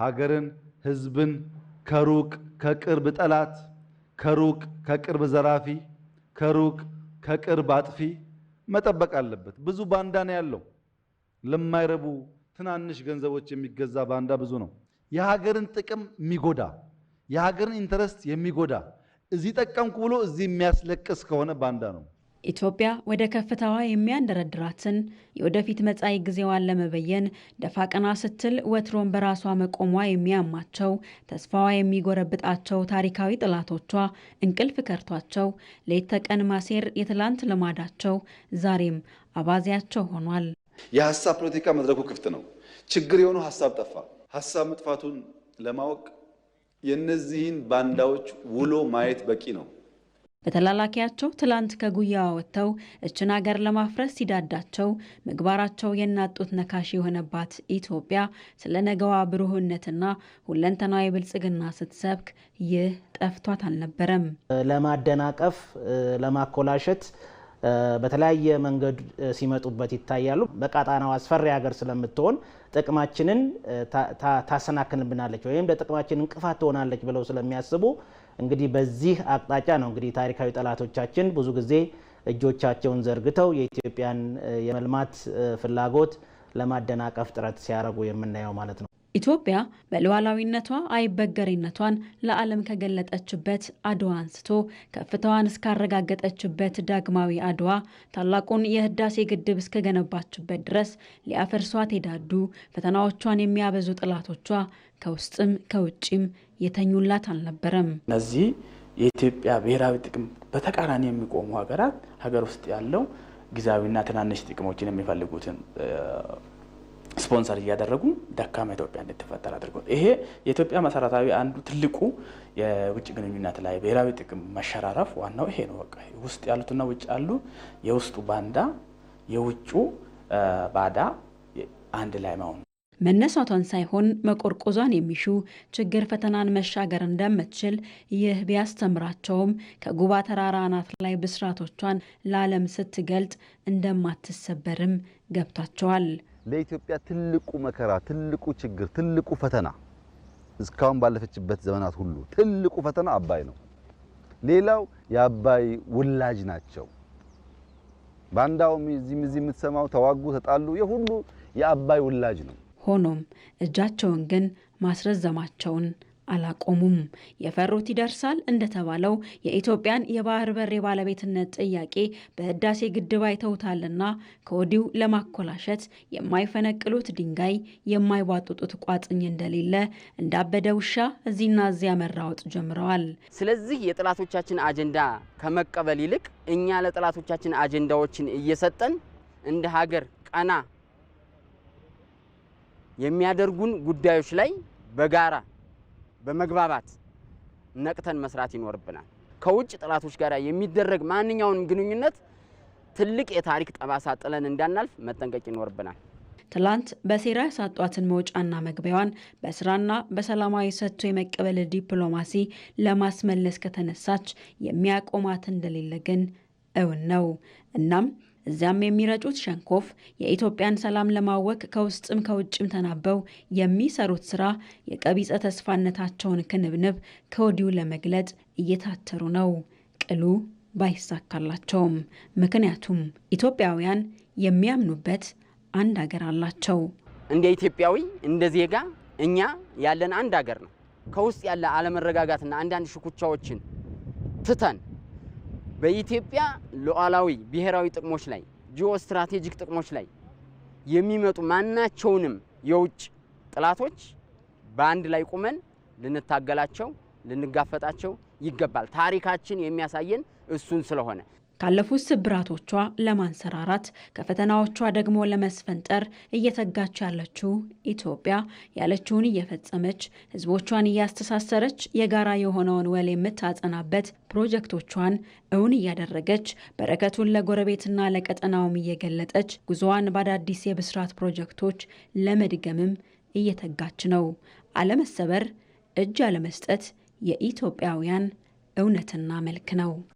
ሀገርን፣ ህዝብን ከሩቅ ከቅርብ ጠላት፣ ከሩቅ ከቅርብ ዘራፊ፣ ከሩቅ ከቅርብ አጥፊ መጠበቅ አለበት። ብዙ ባንዳ ነው ያለው። ለማይረቡ ትናንሽ ገንዘቦች የሚገዛ ባንዳ ብዙ ነው። የሀገርን ጥቅም የሚጎዳ የሀገርን ኢንተረስት የሚጎዳ እዚህ ጠቀምኩ ብሎ እዚህ የሚያስለቅስ ከሆነ ባንዳ ነው። ኢትዮጵያ ወደ ከፍታዋ የሚያንደረድራትን የወደፊት መጻኢ ጊዜዋን ለመበየን ደፋ ቀና ስትል ወትሮን በራሷ መቆሟ የሚያማቸው ተስፋዋ የሚጎረብጣቸው ታሪካዊ ጥላቶቿ እንቅልፍ ከርቷቸው ሌት ተቀን ማሴር የትላንት ልማዳቸው ዛሬም አባዜያቸው ሆኗል። የሀሳብ ፖለቲካ መድረኩ ክፍት ነው። ችግር የሆኑ ሀሳብ ጠፋ። ሀሳብ መጥፋቱን ለማወቅ የእነዚህን ባንዳዎች ውሎ ማየት በቂ ነው። በተላላኪያቸው ትላንት ከጉያ ወጥተው እችን አገር ለማፍረስ ሲዳዳቸው ምግባራቸው የናጡት ነካሽ የሆነባት ኢትዮጵያ ስለ ነገዋ ብሩህነትና ሁለንተናዊ ብልጽግና ስትሰብክ ይህ ጠፍቷት አልነበረም። ለማደናቀፍ፣ ለማኮላሸት በተለያየ መንገድ ሲመጡበት ይታያሉ። በቀጣናው አስፈሪ ሀገር ስለምትሆን ጥቅማችንን ታሰናክንብናለች ወይም ለጥቅማችን እንቅፋት ትሆናለች ብለው ስለሚያስቡ እንግዲህ በዚህ አቅጣጫ ነው እንግዲህ ታሪካዊ ጠላቶቻችን ብዙ ጊዜ እጆቻቸውን ዘርግተው የኢትዮጵያን የመልማት ፍላጎት ለማደናቀፍ ጥረት ሲያደርጉ የምናየው ማለት ነው። ኢትዮጵያ በሉዓላዊነቷ አይበገሬነቷን ለዓለም ከገለጠችበት አድዋ አንስቶ ከፍታዋን እስካረጋገጠችበት ዳግማዊ አድዋ ታላቁን የህዳሴ ግድብ እስከገነባችበት ድረስ ሊያፈርሷት የዳዱ ፈተናዎቿን የሚያበዙ ጠላቶቿ ከውስጥም ከውጭም የተኙላት አልነበረም። እነዚህ የኢትዮጵያ ብሔራዊ ጥቅም በተቃራኒ የሚቆሙ ሀገራት ሀገር ውስጥ ያለው ጊዜያዊና ትናንሽ ጥቅሞችን የሚፈልጉትን ስፖንሰር እያደረጉ ደካማ ኢትዮጵያ እንድትፈጠር አድርጓል። ይሄ የኢትዮጵያ መሰረታዊ አንዱ ትልቁ የውጭ ግንኙነት ላይ ብሔራዊ ጥቅም መሸራረፍ ዋናው ይሄ ነው። በቃ ውስጥ ያሉትና ውጭ ያሉ የውስጡ ባንዳ የውጩ ባዳ አንድ ላይ መሆን መነሳቷን ሳይሆን መቆርቆዟን የሚሹ ችግር ፈተናን መሻገር እንደምትችል ይህ ቢያስተምራቸውም ከጉባ ተራራ አናት ላይ ብስራቶቿን ለዓለም ስትገልጥ እንደማትሰበርም ገብቷቸዋል። ለኢትዮጵያ ትልቁ መከራ፣ ትልቁ ችግር፣ ትልቁ ፈተና እስካሁን ባለፈችበት ዘመናት ሁሉ ትልቁ ፈተና አባይ ነው። ሌላው የአባይ ወላጅ ናቸው። ባንዳው እዚህም እዚህ የምትሰማው ተዋጉ፣ ተጣሉ፣ የሁሉ የአባይ ወላጅ ነው። ሆኖም እጃቸውን ግን ማስረዘማቸውን አላቆሙም። የፈሩት ይደርሳል እንደተባለው የኢትዮጵያን የባህር በር የባለቤትነት ጥያቄ በህዳሴ ግድብ አይተውታልና ከወዲሁ ለማኮላሸት የማይፈነቅሉት ድንጋይ የማይቧጥጡት ቋጥኝ እንደሌለ እንዳበደ ውሻ እዚህና እዚያ መራወጥ ጀምረዋል። ስለዚህ የጠላቶቻችን አጀንዳ ከመቀበል ይልቅ እኛ ለጠላቶቻችን አጀንዳዎችን እየሰጠን እንደ ሀገር ቀና የሚያደርጉን ጉዳዮች ላይ በጋራ በመግባባት ነቅተን መስራት ይኖርብናል። ከውጭ ጠላቶች ጋር የሚደረግ ማንኛውንም ግንኙነት ትልቅ የታሪክ ጠባሳ ጥለን እንዳናልፍ መጠንቀቅ ይኖርብናል። ትላንት በሴራ ያሳጧትን መውጫና መግቢያዋን በስራና በሰላማዊ ሰጥቶ የመቀበል ዲፕሎማሲ ለማስመለስ ከተነሳች የሚያቆማት እንደሌለ ግን እውን ነው። እናም እዚያም የሚረጩት ሸንኮፍ የኢትዮጵያን ሰላም ለማወክ ከውስጥም ከውጭም ተናበው የሚሰሩት ስራ የቀቢጸ ተስፋነታቸውን ክንብንብ ከወዲሁ ለመግለጽ እየታተሩ ነው። ቅሉ ባይሳካላቸውም፣ ምክንያቱም ኢትዮጵያውያን የሚያምኑበት አንድ ሀገር አላቸው። እንደ ኢትዮጵያዊ እንደ ዜጋ እኛ ያለን አንድ ሀገር ነው። ከውስጥ ያለ አለመረጋጋትና አንዳንድ ሽኩቻዎችን ትተን በኢትዮጵያ ሉዓላዊ ብሔራዊ ጥቅሞች ላይ ጂኦ ስትራቴጂክ ጥቅሞች ላይ የሚመጡ ማናቸውንም የውጭ ጥላቶች በአንድ ላይ ቁመን ልንታገላቸው ልንጋፈጣቸው ይገባል። ታሪካችን የሚያሳየን እሱን ስለሆነ ካለፉት ስብራቶቿ ለማንሰራራት ከፈተናዎቿ ደግሞ ለመስፈንጠር እየተጋች ያለችው ኢትዮጵያ ያለችውን እየፈጸመች ህዝቦቿን እያስተሳሰረች የጋራ የሆነውን ወል የምታጸናበት ፕሮጀክቶቿን እውን እያደረገች በረከቱን ለጎረቤትና ለቀጠናውም እየገለጠች ጉዞዋን በአዳዲስ የብስራት ፕሮጀክቶች ለመድገምም እየተጋች ነው። አለመሰበር፣ እጅ አለመስጠት የኢትዮጵያውያን እውነትና መልክ ነው።